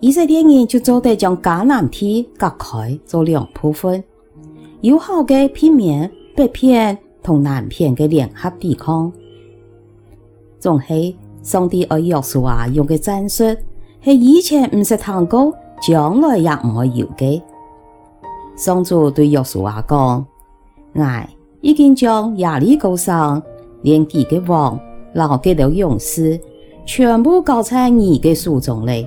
以色列人就做得將迦南地隔開做兩部分由好平面，由後嘅避免北片同南片的聯合抵抗。仲係上帝愛約書亞用的戰術，是以前不是糖果將來也唔會有嘅。上主對約書亞講：哎，已經將耶利哥城連幾個王、留給了勇士，全部交在你的手中嚟。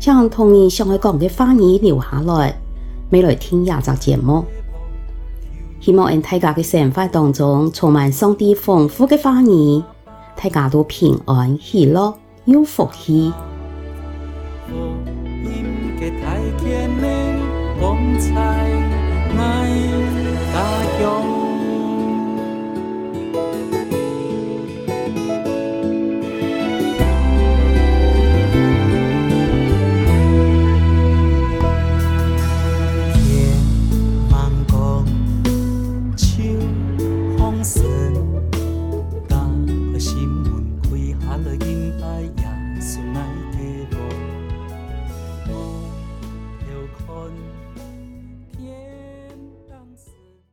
請同你想愛講個話語留下來，乜來訂這隻節目。希望俺大家嘅生活當中充滿上帝豐富嘅話語，大家都平安喜樂，有福氣。